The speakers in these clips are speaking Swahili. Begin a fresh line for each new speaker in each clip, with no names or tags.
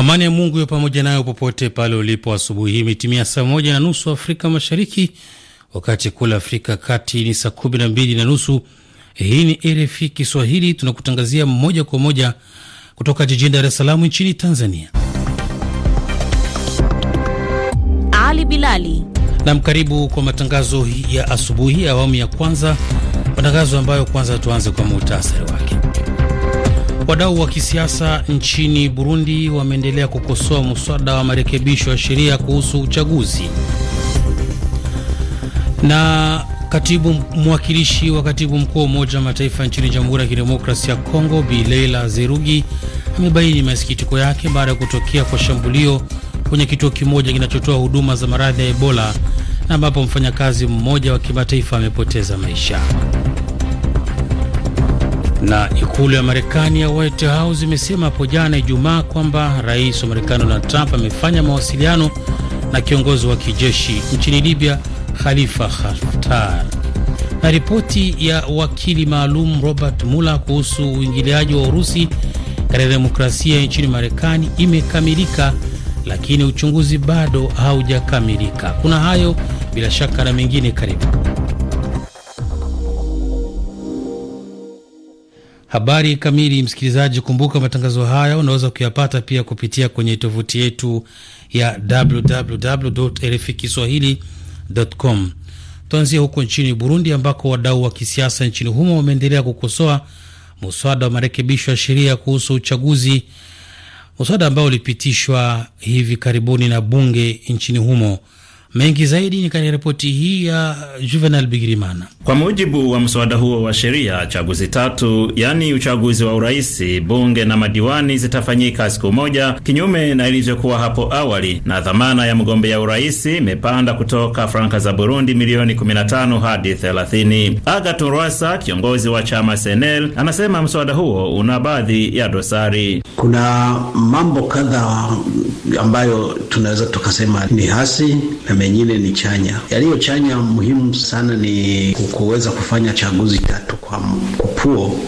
Amani ya Mungu iwe pamoja nayo popote pale ulipo. Asubuhi hii imetimia saa moja na nusu Afrika Mashariki, wakati kula Afrika Kati ni saa kumi na mbili na nusu. Hii ni RFI Kiswahili, tunakutangazia moja kwa moja kutoka jijini Dar es Salaam nchini Tanzania.
Ali Bilali
nam, karibu kwa matangazo ya asubuhi, awamu ya kwanza, matangazo ambayo kwanza tuanze kwa muhtasari wake. Wadau wa kisiasa nchini Burundi wameendelea kukosoa muswada wa marekebisho ya sheria kuhusu uchaguzi. Na katibu mwakilishi wa katibu mkuu wa Umoja wa Mataifa nchini Jamhuri ya Kidemokrasia ya Kongo Bi Leila Zerugi amebaini masikitiko yake baada ya kutokea kwa shambulio kwenye kituo kimoja kinachotoa huduma za maradhi ya Ebola na ambapo mfanyakazi mmoja wa kimataifa amepoteza maisha. Na ikulu ya Marekani ya White House imesema hapo jana Ijumaa kwamba rais wa Marekani Donald Trump amefanya mawasiliano na kiongozi wa kijeshi nchini Libya Khalifa Haftar. Na ripoti ya wakili maalum Robert Mueller kuhusu uingiliaji wa Urusi katika demokrasia nchini Marekani imekamilika, lakini uchunguzi bado haujakamilika. Kuna hayo bila shaka na mengine, karibu Habari kamili, msikilizaji, kumbuka matangazo haya unaweza kuyapata pia kupitia kwenye tovuti yetu ya www rf kiswahili.com. Tuanzia huko nchini Burundi ambako wadau wa kisiasa nchini humo wameendelea kukosoa muswada wa marekebisho ya sheria kuhusu uchaguzi, muswada ambao ulipitishwa hivi karibuni na bunge nchini humo. Mengi zaidi ni katika ripoti hii ya Juvenal Bigirimana.
Kwa mujibu wa mswada huo wa sheria, chaguzi tatu, yaani uchaguzi wa uraisi, bunge na madiwani zitafanyika siku moja, kinyume na ilivyokuwa hapo awali, na dhamana ya mgombea uraisi imepanda kutoka franka za Burundi milioni 15 hadi 30. Agathon Rwasa, kiongozi wa chama Senel, anasema mswada huo una baadhi ya dosari.
Kuna mambo kadhaa ambayo tunaweza tukasema ni hasi na mengine ni chanya. Yaliyo chanya muhimu sana ni kuweza kufanya chaguzi tatu kwa kupuo,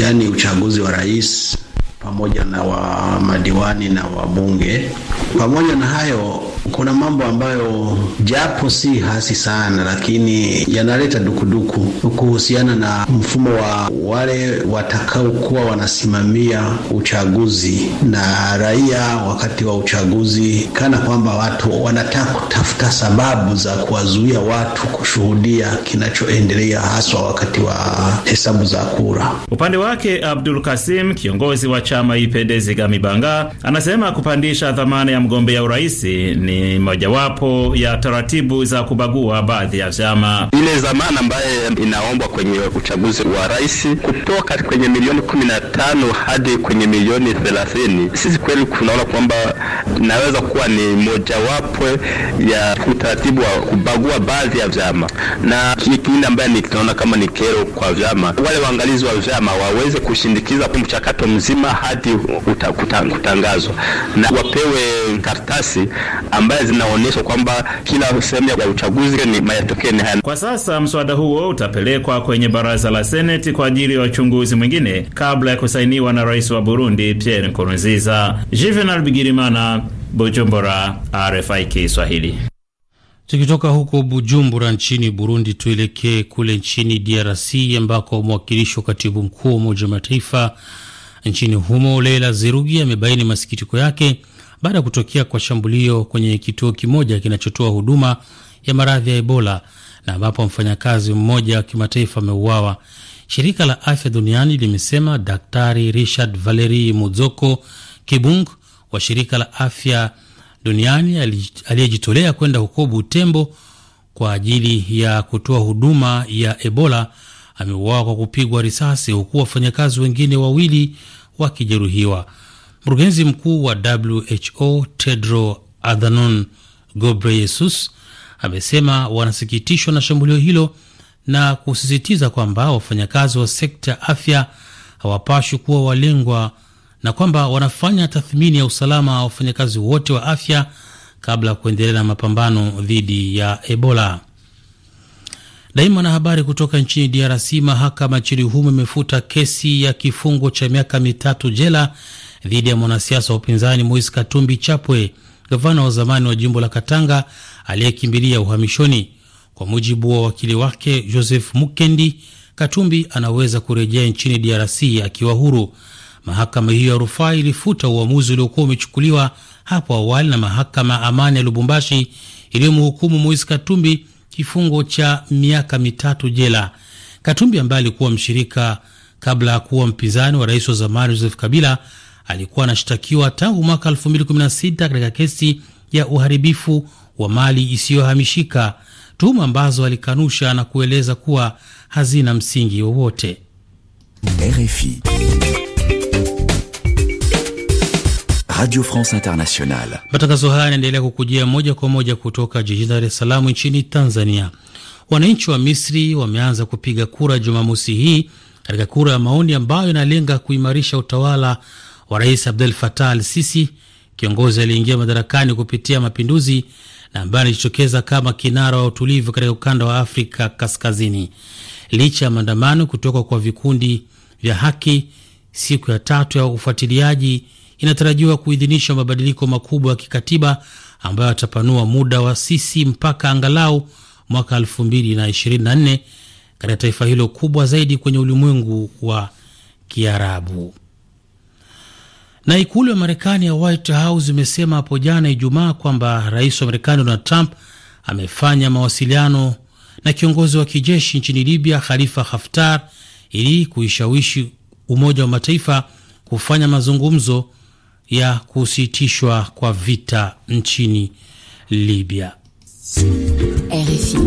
yaani uchaguzi wa rais pamoja na wa madiwani na wabunge. Pamoja na hayo kuna mambo ambayo japo si hasi sana, lakini yanaleta dukuduku kuhusiana na mfumo wa wale watakaokuwa wanasimamia uchaguzi na raia wakati wa uchaguzi, kana kwamba watu wanataka kutafuta sababu za kuwazuia watu kushuhudia kinachoendelea haswa wakati wa hesabu za kura.
Upande wake Abdul Kasim, kiongozi wa chama Ipendezi Gamibanga, anasema kupandisha dhamana ya mgombea urais ni mojawapo ya taratibu za kubagua baadhi ya vyama. Ile zamana ambaye inaombwa kwenye uchaguzi wa rais kutoka kwenye milioni kumi na tano hadi kwenye milioni thelathini, sisi kweli tunaona kwamba inaweza kuwa ni mojawapo ya utaratibu wa kubagua baadhi ya vyama, na kingine ambaye tunaona kama ni kero kwa vyama, wale waangalizi wa vyama waweze kushindikiza mchakato mzima hadi kutangazwa na wapewe karatasi ambaye zinaonyesha kwamba kila sehemu ya uchaguzi ni matokeo ni haya. Kwa sasa mswada huo utapelekwa kwenye baraza la seneti kwa ajili ya uchunguzi mwingine kabla ya kusainiwa na rais wa Burundi Pierre Nkurunziza. Juvenal Bigirimana, Bujumbura, RFI Kiswahili.
Tukitoka huko Bujumbura nchini Burundi, tuelekee kule nchini DRC ambako mwakilishi wa katibu mkuu wa Umoja wa Mataifa nchini humo Leila Zerugi amebaini masikitiko yake baada ya kutokea kwa shambulio kwenye kituo kimoja kinachotoa huduma ya maradhi ya Ebola na ambapo mfanyakazi mmoja wa kimataifa ameuawa. Shirika la afya duniani limesema Daktari Richard Valeri Muzoko Kibung wa shirika la afya duniani aliyejitolea kwenda huko Butembo kwa ajili ya kutoa huduma ya Ebola ameuawa kwa kupigwa risasi, huku wafanyakazi wengine wawili wakijeruhiwa. Mkurugenzi mkuu wa WHO Tedro Adhanom Ghebreyesus amesema wanasikitishwa na shambulio hilo na kusisitiza kwamba wafanyakazi wa sekta ya afya hawapashwi kuwa walengwa na kwamba wanafanya tathmini ya usalama wa wafanyakazi wote wa afya kabla ya kuendelea na mapambano dhidi ya Ebola. Daima na habari kutoka nchini DRC, mahakama nchini humo imefuta kesi ya kifungo cha miaka mitatu jela dhidi ya mwanasiasa wa upinzani Moise Katumbi Chapwe, gavana wa zamani wa jimbo la Katanga aliyekimbilia uhamishoni. Kwa mujibu wa wakili wake Joseph Mukendi, Katumbi anaweza kurejea nchini DRC akiwa huru. Mahakama hiyo ya rufaa ilifuta uamuzi uliokuwa umechukuliwa hapo awali na mahakama ya amani ya Lubumbashi iliyomhukumu Moise Katumbi kifungo cha miaka mitatu jela. Katumbi ambaye alikuwa mshirika kabla ya kuwa mpinzani wa rais wa zamani Joseph Kabila alikuwa anashtakiwa tangu mwaka 2016 katika kesi ya uharibifu wa mali isiyohamishika, tuhuma ambazo alikanusha na kueleza kuwa hazina msingi wowote. RFI
Radio France Internationale.
Matangazo haya yanaendelea kukujia moja kwa moja kutoka jijini Dar es Salaam nchini Tanzania. Wananchi wa Misri wameanza kupiga kura Jumamosi hii katika kura ya maoni ambayo inalenga kuimarisha utawala wa Rais Abdel Fattah al Sisi, kiongozi aliyeingia madarakani kupitia mapinduzi na ambaye anajitokeza kama kinara wa utulivu katika ukanda wa Afrika Kaskazini. Licha ya maandamano kutoka kwa vikundi vya haki, siku ya tatu ya ufuatiliaji inatarajiwa kuidhinisha mabadiliko makubwa ya kikatiba ambayo atapanua muda wa Sisi mpaka angalau mwaka 2024 katika taifa hilo kubwa zaidi kwenye ulimwengu wa Kiarabu. Na ikulu ya Marekani ya White House imesema hapo jana Ijumaa kwamba rais wa Marekani Donald Trump amefanya mawasiliano na kiongozi wa kijeshi nchini Libya Khalifa Haftar ili kuishawishi Umoja wa Mataifa kufanya mazungumzo ya kusitishwa kwa vita nchini Libya.
RFI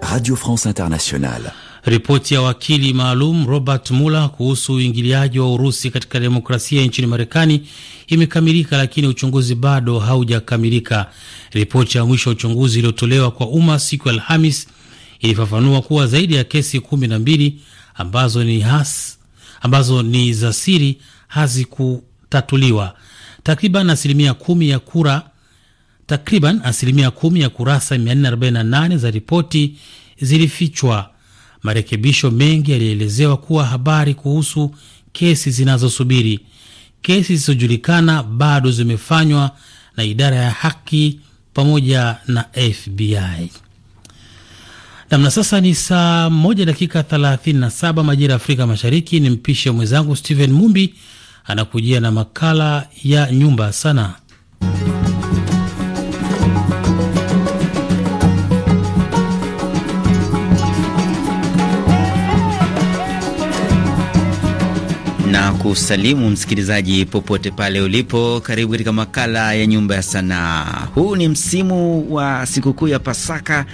Radio France
Internationale. Ripoti ya wakili maalum Robert Mueller kuhusu uingiliaji wa Urusi katika demokrasia nchini Marekani imekamilika, lakini uchunguzi bado haujakamilika. Ripoti ya mwisho ya uchunguzi iliyotolewa kwa umma siku ya Alhamis ilifafanua kuwa zaidi ya kesi kumi na mbili ambazo ni has, ambazo ni za siri hazikutatuliwa. Takriban asilimia kumi ya kura takriban asilimia kumi ya kurasa 448 za ripoti zilifichwa. Marekebisho mengi yalielezewa kuwa habari kuhusu kesi zinazosubiri, kesi zisizojulikana bado zimefanywa na idara ya haki pamoja na FBI. Namna sasa ni saa moja dakika 37 majira ya Afrika Mashariki. Ni mpishe mwenzangu Steven Mumbi anakujia na makala ya nyumba sana.
kusalimu msikilizaji popote pale ulipo. Karibu katika makala ya Nyumba ya Sanaa. Huu ni msimu wa sikukuu ya Pasaka,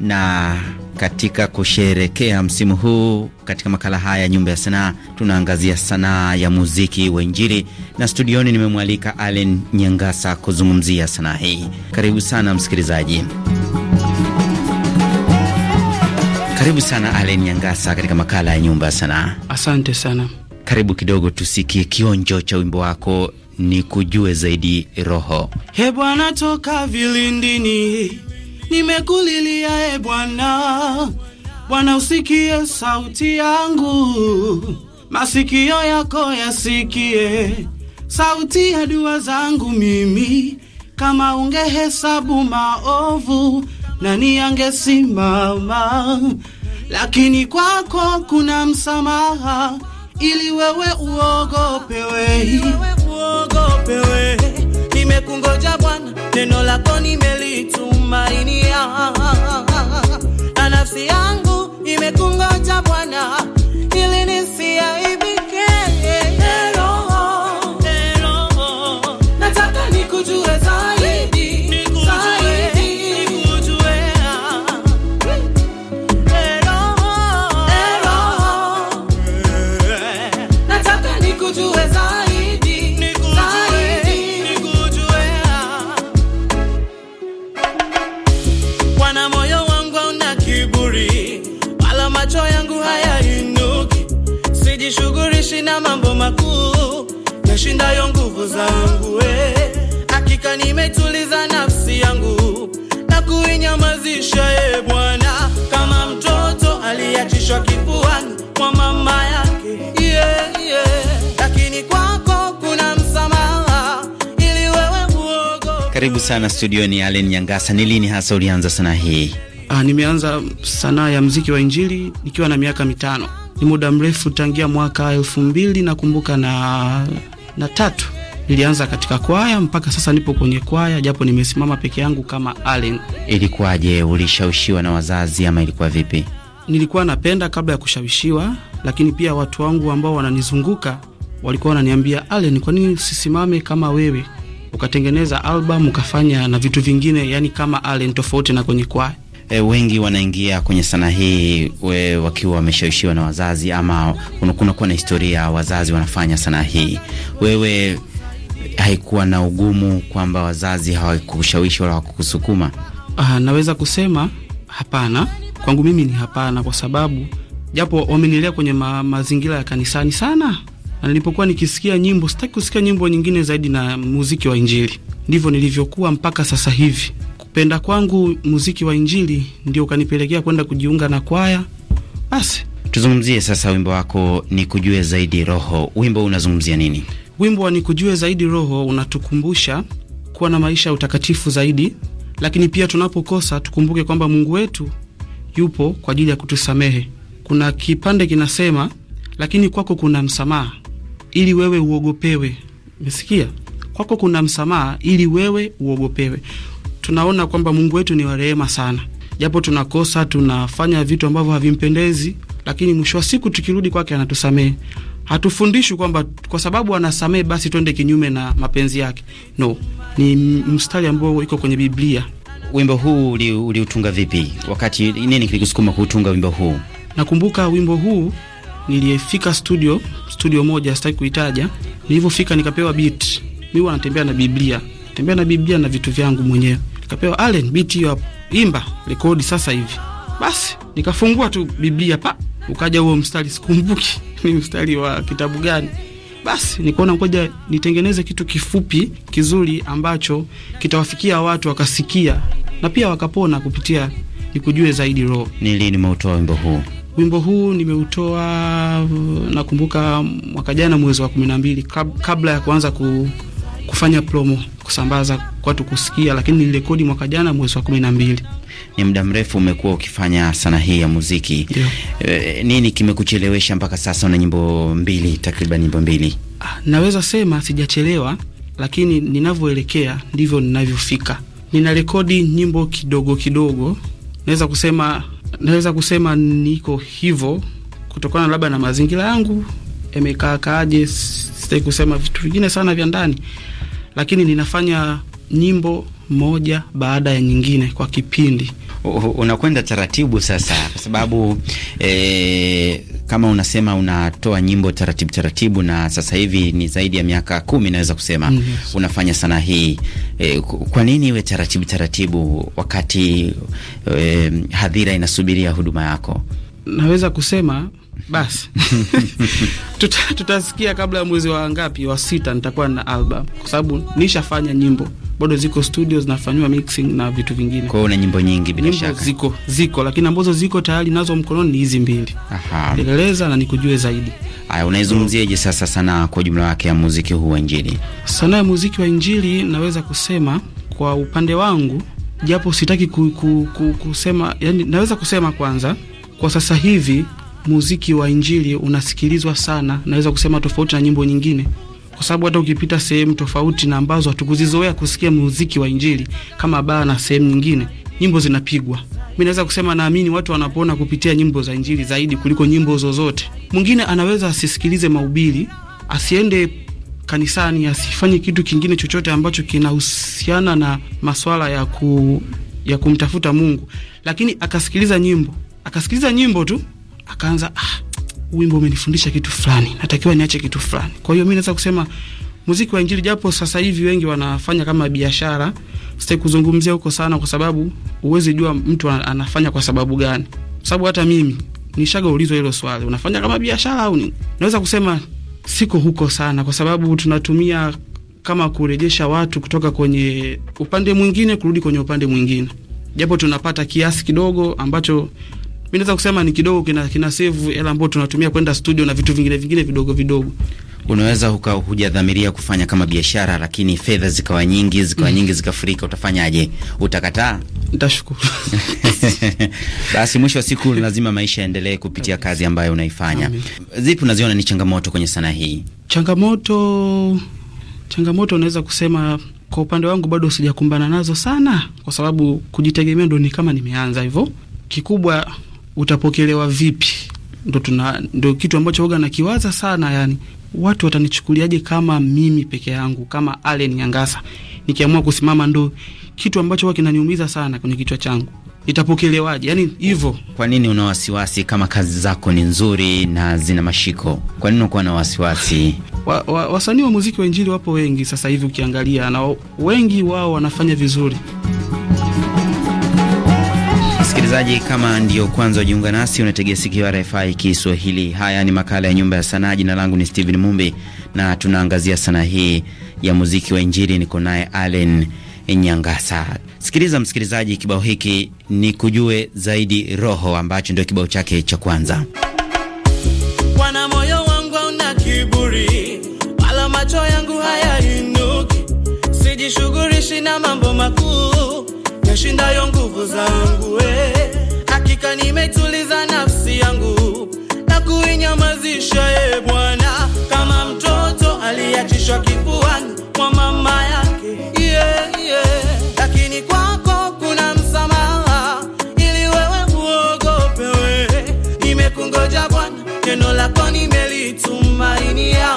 na katika kusherekea msimu huu, katika makala haya ya Nyumba ya Sanaa tunaangazia sanaa ya muziki wa Injili, na studioni nimemwalika Allen Nyangasa kuzungumzia sanaa hii. Karibu sana msikilizaji. Karibu sana Allen Nyangasa katika makala ya Nyumba ya Sanaa. Asante sana. Karibu kidogo tusikie kionjo cha wimbo wako ni kujue zaidi roho.
He Bwana, toka vilindini nimekulilia, e Bwana, Bwana usikie sauti yangu, masikio yako yasikie sauti ya dua zangu mimi. Kama ungehesabu maovu nani angesimama? Lakini kwako kuna msamaha ili wewe uogopewe. Nimekungoja Bwana, neno lako nimelitumainia, ah, ah, ah, na nafsi yangu imekungoja Bwana
sana studioni Allen Nyangasa. Ni lini hasa ulianza sanaa hii? Ah, nimeanza sanaa ya mziki wa
injili nikiwa na miaka mitano. Ni muda mrefu tangia mwaka elfu mbili nakumbuka na, na tatu nilianza katika kwaya mpaka sasa nipo kwenye kwaya japo nimesimama peke yangu kama
Allen. Ilikuwaje? Ulishawishiwa na wazazi ama ilikuwa vipi?
Nilikuwa napenda kabla ya kushawishiwa, lakini pia watu wangu ambao wananizunguka walikuwa wananiambia, Allen, kwa nini usisimame kama wewe? ukatengeneza album ukafanya na vitu
vingine, yani kama Allen, tofauti na kwenye kwaya. E, wengi wanaingia kwenye sanaa hii we, wakiwa wameshawishiwa na wazazi ama kunakuwa na historia wazazi wanafanya sanaa hii. Wewe haikuwa na ugumu kwamba wazazi hawakushawishi wala hawakukusukuma?
Ah, naweza kusema hapana, kwangu mimi ni hapana, kwa sababu japo wamenilea kwenye ma, mazingira ya kanisani sana na nilipokuwa nikisikia nyimbo, sitaki kusikia nyimbo nyingine zaidi na muziki wa Injili. Ndivyo nilivyokuwa mpaka sasa hivi. Kupenda kwangu muziki wa Injili ndio ukanipelekea kwenda kujiunga na kwaya. Basi
tuzungumzie sasa wimbo wako kujue zaidi roho. Wimbo unazungumzia nini?
Wimbo wa nikujue zaidi roho unatukumbusha kuwa na maisha ya utakatifu zaidi, lakini pia tunapokosa tukumbuke kwamba Mungu wetu yupo kwa ajili ya kutusamehe. Kuna kipande kinasema, lakini kwako kuna msamaha ili wewe uogopewe. Umesikia? Kwako kuna msamaha ili wewe uogopewe. Tunaona kwamba Mungu wetu ni wa rehema sana, japo tunakosa, tunafanya vitu ambavyo havimpendezi, lakini mwisho wa siku tukirudi kwake anatusamehe. Hatufundishwi kwamba kwa sababu anasamehe basi twende kinyume na mapenzi yake. No, ni mstari ambao iko kwenye
Biblia. Wimbo huu uliutunga vipi? Wakati nini kilikusukuma kuutunga wimbo huu?
Nakumbuka wimbo huu niliyefika studio, studio moja sitaki kuitaja. Nilivyofika nikapewa beat, mimi huwa natembea na Biblia, natembea na Biblia na vitu vyangu mwenyewe. Nikapewa Allen, beat hiyo hapo, imba rekodi sasa hivi. Basi nikafungua tu Biblia pa, ukaja huo mstari, sikumbuki ni mstari wa kitabu gani. Basi nikaona ngoja nitengeneze kitu kifupi kizuri ambacho kitawafikia watu wakasikia na pia wakapona kupitia nikujue zaidi roho.
Ni lini umeutoa wimbo huu?
Wimbo huu nimeutoa uh, nakumbuka mwaka jana mwezi wa kumi na mbili kabla ya kuanza ku, kufanya promo kusambaza watu kusikia, lakini
nilirekodi mwaka jana mwezi wa kumi na mbili. Ni muda mrefu umekuwa ukifanya sanaa hii ya muziki e, nini kimekuchelewesha mpaka sasa una nyimbo mbili, takriban nyimbo mbili?
Ah, naweza sema sijachelewa, lakini ninavyoelekea ndivyo ninavyofika. Nina rekodi nyimbo kidogo kidogo, naweza kusema naweza kusema niko hivyo kutokana labda na mazingira yangu yamekaakaaje. Sitaki kusema vitu vingine sana vya ndani, lakini ninafanya nyimbo moja baada ya nyingine kwa kipindi.
Unakwenda taratibu sasa, kwa sababu e, kama unasema unatoa nyimbo taratibu taratibu, na sasa hivi ni zaidi ya miaka kumi naweza kusema mm -hmm. unafanya sanaa hii e, kwa nini iwe taratibu taratibu wakati e, hadhira inasubiria huduma yako?
naweza kusema basi tuta, tutasikia kabla ya mwezi wa ngapi wa sita nitakuwa na album, kwa sababu nishafanya nyimbo bado ziko studio zinafanywa mixing na vitu vingine. Kwa hiyo
una nyimbo nyingi bila nyimbo
shaka. Ziko, ziko lakini ambazo ziko tayari nazo mkononi ni hizi mbili. Aha.
Eleza na nikujue zaidi. Haya, unaizungumziaje sasa sana kwa jumla yake ya muziki huu wa Injili?
Sanaa ya muziki wa Injili naweza kusema kwa upande wangu, japo sitaki ku, ku, ku, kusema yani, naweza kusema kwanza kwa sasa hivi muziki wa injili unasikilizwa sana, naweza kusema tofauti na nyimbo nyingine, kwa sababu hata ukipita sehemu tofauti na ambazo hatukuzizoea kusikia muziki wa injili kama baa na sehemu nyingine, nyimbo zinapigwa. Mi naweza kusema naamini watu wanapona kupitia nyimbo za injili zaidi kuliko nyimbo zozote. Mwingine anaweza asisikilize mahubiri, asiende kanisani, asifanye kitu kingine chochote ambacho kinahusiana na maswala ya, ku, ya kumtafuta Mungu, lakini akasikiliza nyimbo akasikiliza nyimbo tu akaanza, ah, wimbo umenifundisha kitu fulani, natakiwa niache kitu fulani. Kwa hiyo mi naweza kusema muziki wa Injili, japo sasa hivi wengi wanafanya kama biashara, sitaki kuzungumzia huko sana, kwa sababu huwezi jua mtu anafanya kwa sababu gani, kwa sababu hata mimi nishagaulizwa hilo swali, unafanya kama biashara au nini? Naweza kusema siko huko sana, kwa sababu tunatumia kama kurejesha watu kutoka kwenye upande mwingine kurudi kwenye upande mwingine, japo tunapata kiasi kidogo ambacho mi naweza kusema ni kidogo kina, kina save hela ambayo tunatumia kwenda studio na vitu vingine vingine vidogo vidogo.
Unaweza hujadhamiria kufanya kama biashara, lakini fedha zikawa nyingi zikawa mm, nyingi zikafurika, utafanyaje? Utakataa? Nitashukuru. Basi mwisho wa siku lazima maisha yaendelee kupitia kazi ambayo unaifanya. Zipi unaziona ni changamoto kwenye sanaa hii?
Changamoto, changamoto unaweza kusema kwa upande wangu bado sijakumbana nazo sana, kwa sababu kujitegemea ndo ni kama nimeanza hivyo. Kikubwa utapokelewa vipi? Ndo tuna ndo kitu ambacho waga nakiwaza sana, yani watu watanichukuliaje kama mimi peke yangu, kama Allen Nyangasa nikiamua kusimama, ndo kitu ambacho kinaniumiza sana kwenye kichwa changu itapokelewaje? Yani hivyo.
Kwa nini una wasiwasi kama kazi zako ni nzuri na zina mashiko? Kwa nini unakuwa na wasiwasi?
wa, wa, wasanii wa muziki wa injili wapo wengi sasa hivi ukiangalia, na wengi wao wanafanya vizuri.
Msikilizaji, kama ndio kwanza ujiunga nasi, unategea sikio RFI Kiswahili. Haya ni makala ya Nyumba ya Sanaa. Jina langu ni Steven Mumbi na tunaangazia sanaa hii ya muziki wa Injili. Niko naye Allen Nyangasa. Sikiliza msikilizaji, kibao hiki ni kujue zaidi roho, ambacho ndio kibao chake cha kwanza.
Bwana, moyo wangu una kiburi, wala macho yangu hayainuki, sijishughulishi na mambo makuu yashindayo nguvu zangu eh. Hakika nimetuliza nafsi yangu na kuinyamazisha e Bwana, kama mtoto aliachishwa kifuani mwa mama yake yeah, yeah. Lakini kwako kuna msamaha ili wewe uogopewe. Nimekungoja Bwana, neno lako nimelitumainia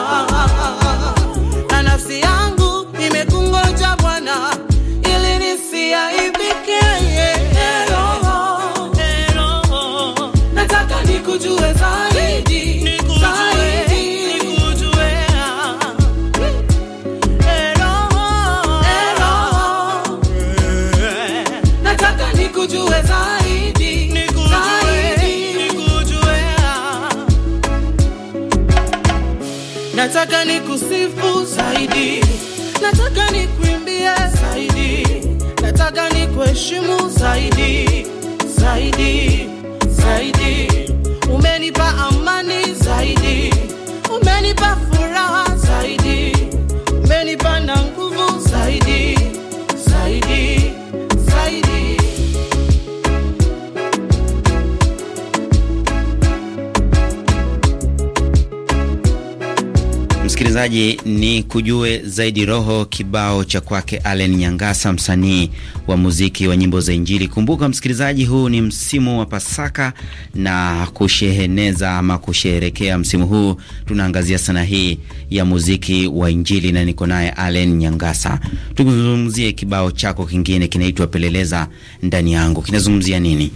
Msikilizaji, ni kujue zaidi roho kibao cha kwake Allen Nyangasa, msanii wa muziki wa nyimbo za Injili. Kumbuka msikilizaji, huu ni msimu wa Pasaka na kusheheneza ama kusheherekea msimu huu, tunaangazia sana hii ya muziki wa Injili na niko naye Allen Nyangasa. Tukuzungumzie kibao chako kingine kinaitwa Peleleza ndani yangu, kinazungumzia nini?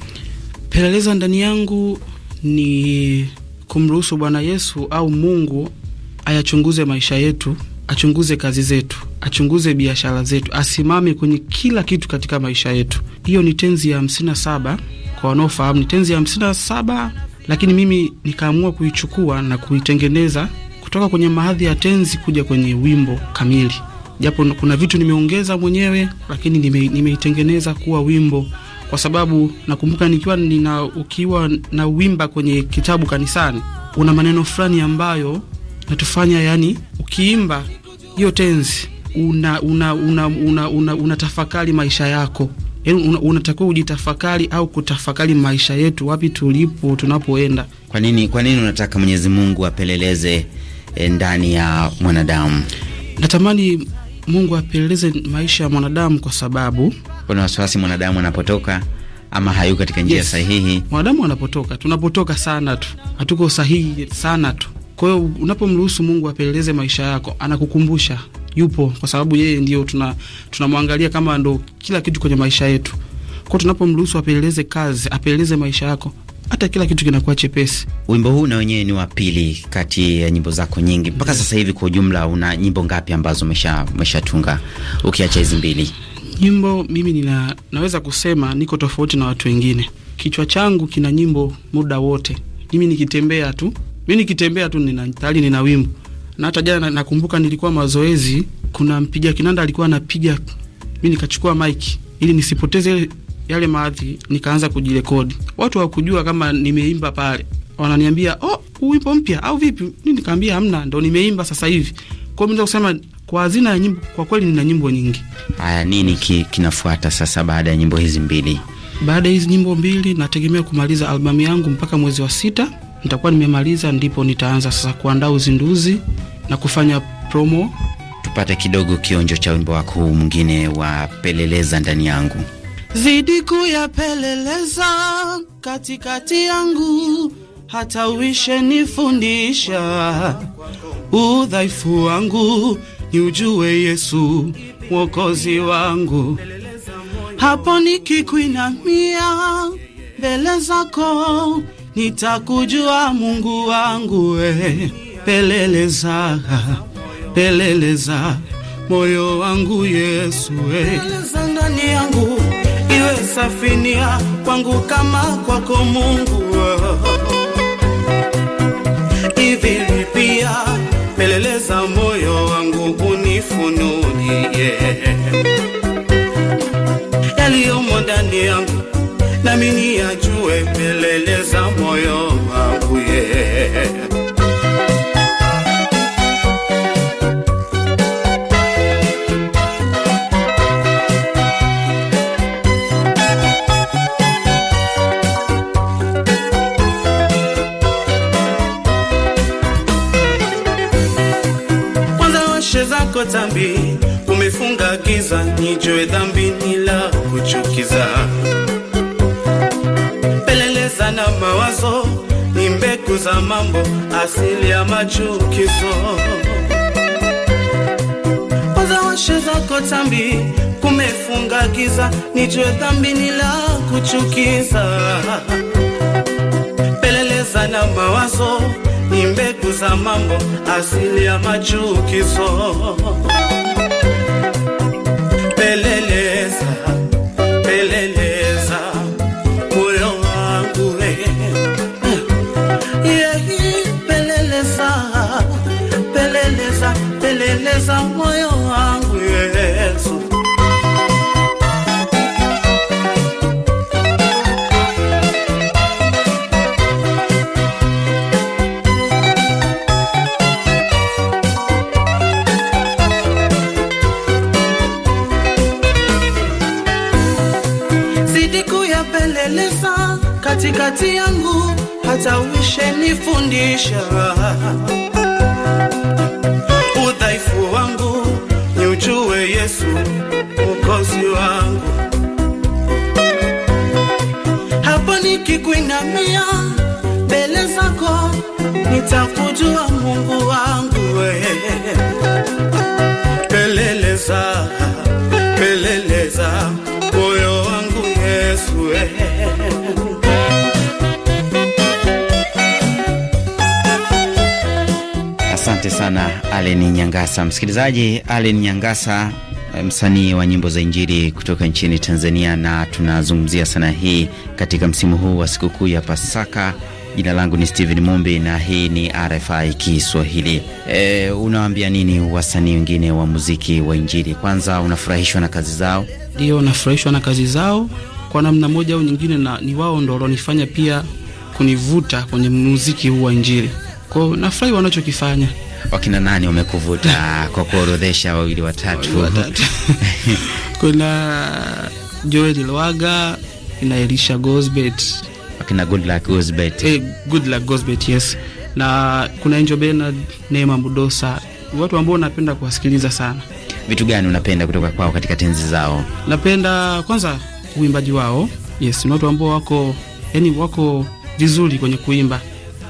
Peleleza ndani yangu ni kumruhusu Bwana Yesu au Mungu ayachunguze maisha yetu, achunguze kazi zetu, achunguze biashara zetu, asimame kwenye kila kitu katika maisha yetu. Hiyo ni tenzi ya hamsini na saba kwa wanaofahamu, ni tenzi ya hamsini na saba lakini mimi nikaamua kuichukua na kuitengeneza kutoka kwenye mahadhi ya tenzi kuja kwenye wimbo kamili, japo kuna vitu nimeongeza mwenyewe, lakini nime, nimeitengeneza kuwa wimbo kwa sababu nakumbuka nikiwa nina ukiwa na wimba kwenye kitabu kanisani, una maneno fulani ambayo natufanya yani, ukiimba hiyo tenzi una, una, una, una, una, una tafakari maisha yako
yani, unatakiwa ujitafakari au kutafakari maisha yetu, wapi tulipo, tunapoenda. Kwa nini, kwa nini unataka Mwenyezi Mungu apeleleze eh, ndani ya mwanadamu? Natamani Mungu apeleleze maisha ya mwanadamu, kwa sababu kuna wasiwasi mwanadamu anapotoka ama hayu katika njia yes, sahihi.
Mwanadamu anapotoka, tunapotoka sana tu, hatuko sahihi sana tu kwa hiyo unapomruhusu Mungu apeleleze maisha yako, anakukumbusha yupo, kwa sababu yeye ndio tuna tunamwangalia kama ndo kila kitu kwenye
maisha yetu. Kwa tunapomruhusu apeleleze kazi, apeleleze maisha yako, hata kila kitu kinakuwa chepesi. Wimbo huu na wenyewe ni wa pili kati ya nyimbo zako nyingi mpaka Sasa hivi kwa ujumla una nyimbo ngapi ambazo umeshatunga ukiacha hizi mbili?
Nyimbo mimi nina, naweza kusema niko tofauti na watu wengine. Kichwa changu kina nyimbo muda wote, mimi nikitembea tu mi nikitembea tu nina tayari nina wimbo. Na hata jana nakumbuka nilikuwa mazoezi, kuna mpiga kinanda alikuwa anapiga, mi nikachukua mic ili nisipoteze yale maadhi, nikaanza kujirekodi. Watu hawakujua kama nimeimba pale, wananiambia oh, wimbo mpya au vipi? Mi nikaambia hamna, ndo nimeimba sasa hivi. Kwao
mi kusema kwa hazina ya nyimbo, kwa kweli nina nyimbo nyingi. Haya, nini ki, kinafuata sasa baada ya nyimbo hizi mbili?
Baada ya hizi nyimbo mbili nategemea kumaliza albamu yangu mpaka mwezi wa sita nitakuwa nimemaliza, ndipo nitaanza sasa kuandaa uzinduzi na kufanya promo.
Tupate kidogo kionjo cha wimbo wako huu mwingine wa peleleza ndani yangu.
Zidi kuyapeleleza katikati yangu, hata uishe nifundisha udhaifu wangu, ni ujue Yesu mwokozi wangu. Hapo nikikuinamia mbele zako nitakujua Mungu wangu we, peleleza peleleza moyo wangu Yesu we, peleleza ndani yangu iwe safinia kwangu kama kwako Mungu hivi pia peleleza moyo wangu unifunulie yeah. yaliyomo ndani yangu nami niyajue kelele za moyo wangu yeye zako tambi, umefunga giza, nijue dhambi ni la kuchukiza na mawazo ni mbegu za mambo asili ya machukizo. Oza washe zako tambi, kumefunga giza, nijue dhambi ni la kuchukiza. Peleleza na mawazo ni mbegu za mambo asili ya machukizo. Peleleza, peleleza katikati yangu, hata uishe nifundisha. Udhaifu wangu ni Yesu mkozi wangu. Hapa nikikuinamia mbele zako, nitakujua Mungu wangu.
sana Allen Nyangasa. Msikilizaji, Allen Nyangasa eh, msanii wa nyimbo za Injili kutoka nchini Tanzania, na tunazungumzia sana hii katika msimu huu wa sikukuu ya Pasaka. Jina langu ni Steven Mumbi na hii ni RFI Kiswahili. E, unawaambia nini wasanii wengine wa muziki wa Injili? Kwanza, unafurahishwa na kazi zao? Ndio, nafurahishwa na kazi
zao kwa namna moja au nyingine, na ni wao ndo walionifanya pia kunivuta kwenye muziki huu wa Injili kwao. Nafurahi wanachokifanya
wakina nani wamekuvuta kwa kuorodhesha wawili watatu? watatu.
kuna Joel Lwaga, na Elisha Gosbet,
wakina Good Luck Gosbet. Eh,
Good Luck Gosbet, yes, na kuna Angel Bernard, Neema Mudosa, watu ambao napenda kuwasikiliza sana.
Vitu gani unapenda kutoka kwao katika tenzi zao?
Napenda kwanza uimbaji wao, yes, ni watu ambao wako yani wako vizuri kwenye kuimba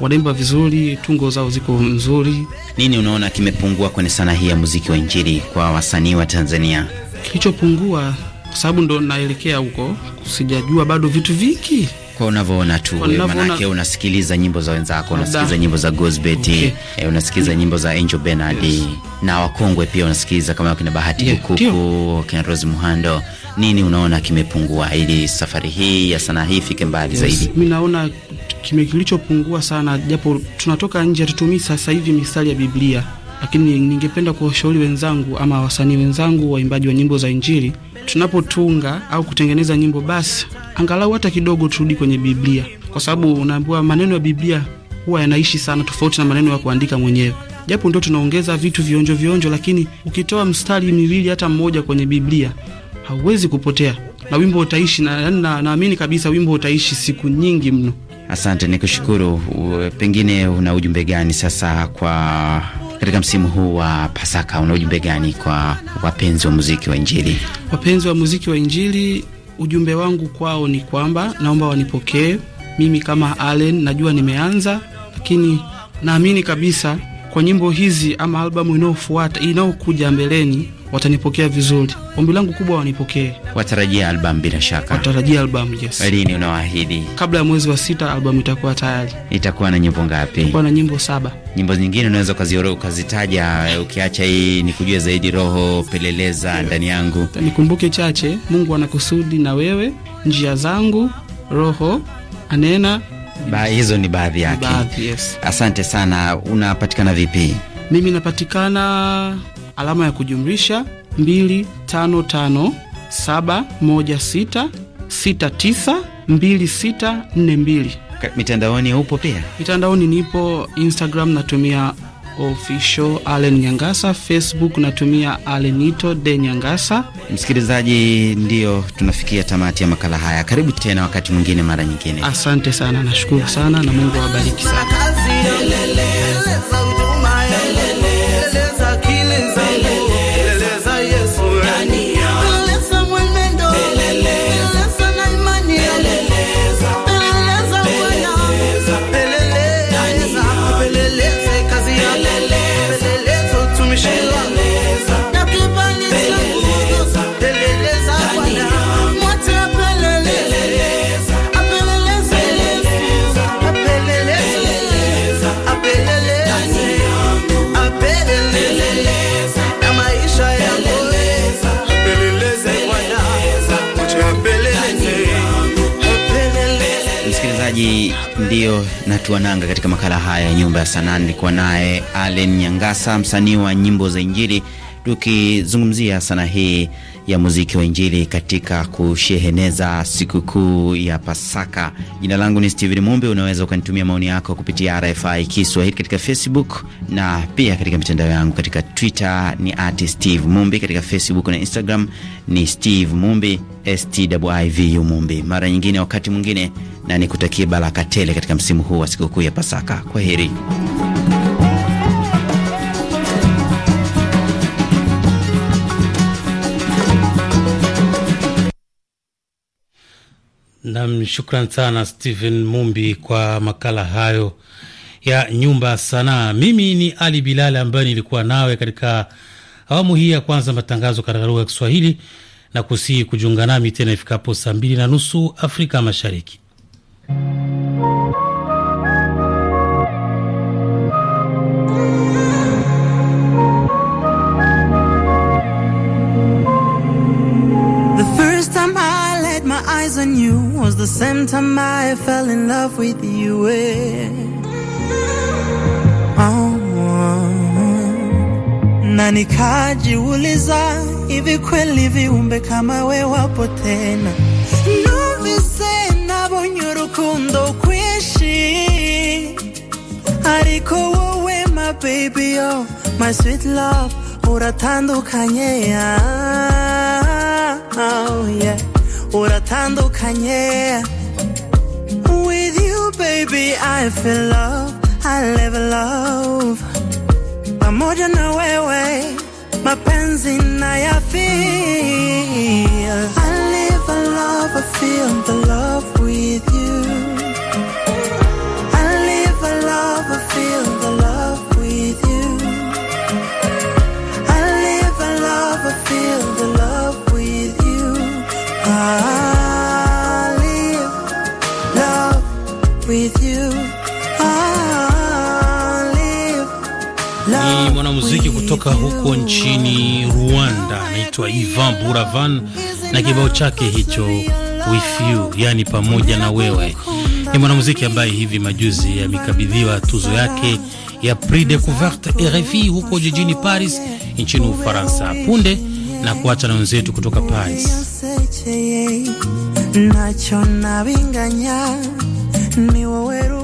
wanaimba vizuri, tungo zao ziko nzuri.
Nini unaona kimepungua kwenye sanaa hii ya muziki wa injili kwa wasanii wa Tanzania?
Kilichopungua, kwa sababu ndo naelekea huko, sijajua bado vitu vingi
kwa unavyoona tu wewe, manake unasikiliza nyimbo za wenzako, unasikiliza nyimbo za Gosbet, okay. Eh, unasikiliza nyimbo za Angel Bernard, yes. Na wakongwe pia unasikiliza kama kina Bahati yeah, Bukuku, kina Rose Muhando. Nini unaona kimepungua ili safari hii ya sanaa hii ifike mbali yes, zaidi?
Mimi naona kime kilichopungua sana, japo tunatoka nje, hatutumii sasa hivi mistari ya Biblia, lakini ningependa kuwashauri wenzangu ama wasanii wenzangu waimbaji wa nyimbo za Injili, tunapotunga au kutengeneza nyimbo basi angalau hata kidogo turudi kwenye Biblia, kwa sababu unaambiwa maneno ya Biblia huwa yanaishi sana, tofauti na maneno ya kuandika mwenyewe. Japo ndio tunaongeza vitu vionjo vionjo, lakini ukitoa mstari miwili hata mmoja kwenye Biblia hauwezi kupotea, na wimbo utaishi, na naamini na kabisa wimbo utaishi siku nyingi mno.
Asante, nikushukuru. Pengine una ujumbe gani sasa kwa katika msimu huu wa Pasaka, una ujumbe gani kwa wapenzi wa muziki wa Injili?
Wapenzi wa muziki wa Injili Ujumbe wangu kwao ni kwamba naomba wanipokee mimi kama Allen. Najua nimeanza, lakini naamini kabisa kwa nyimbo hizi ama albamu inayofuata inayokuja mbeleni watanipokea vizuri. Ombi langu kubwa wanipokee.
Watarajia albamu bila shaka, watarajia
albamu. Yes. Lini
unawaahidi? Kabla ya mwezi wa sita albamu itakuwa tayari. Itakuwa na nyimbo ngapi? Itakuwa na nyimbo saba. Nyimbo nyingine unaweza ukazitaja eh, ukiacha hii, ni kujua zaidi, roho peleleza ndani yangu,
nikumbuke chache, Mungu anakusudi na wewe, njia zangu, roho anena
ba, hizo ni baadhi yake baadhi, yes. Asante sana. Unapatikana vipi?
Mimi napatikana alama ya kujumlisha 255 716
2642. Mitandaoni upo pia?
Mitandaoni nipo Instagram natumia official Allen Nyangasa, Facebook natumia Alenito de Nyangasa.
Msikilizaji, ndiyo tunafikia tamati ya makala haya. Karibu tena wakati mwingine, mara nyingine.
Asante sana, nashukuru sana na Mungu awabariki sana.
msikilizaji, ndiyo nanga katika makala haya ya nyumba ya sanaa. Nilikuwa naye Allen Nyangasa, msanii wa nyimbo za Injili, tukizungumzia sanaa hii ya muziki wa Injili katika kusheheneza sikukuu ya Pasaka. Jina langu ni Steven Mumbi. Unaweza ukanitumia maoni yako kupitia RFI Kiswahili katika Facebook na pia katika mitandao yangu katika Twitter ni at Steve Mumbi, katika Facebook na Instagram ni Steve Mumbi, Stivu Mumbi. Mara nyingine, wakati mwingine, na nikutakie baraka tele katika msimu huu wa sikukuu ya Pasaka. Kwa heri.
Nam, shukran sana Stephen Mumbi kwa makala hayo ya nyumba ya sanaa. Mimi ni Ali Bilali ambaye nilikuwa nawe katika awamu hii ya kwanza matangazo katika lugha ya Kiswahili na kusihi kujiunga nami tena ifikapo saa mbili na nusu Afrika Mashariki.
the same time I fell in love with you. Eh? Oh, oh. Na nikajiuliza hivi kweli viumbe kama we wapo tena, numvise nabonye urukundo kwishi ariko wowe my baby oh, my sweet love uratandukanye oh, yeah. uratandukanye with you baby i feel love i live love pamoja na wewe mapenzi na ya feel i live a love i feel the love with you
kutoka huko nchini Rwanda anaitwa Ivan Buravan na kibao chake hicho with you, yani pamoja na wewe. Ni mwanamuziki ambaye hivi majuzi amekabidhiwa tuzo yake ya Prix Decouverte RFI huko jijini Paris nchini Ufaransa. Punde na kuacha na wenzetu kutoka Paris
nacho nabinganya ni wewe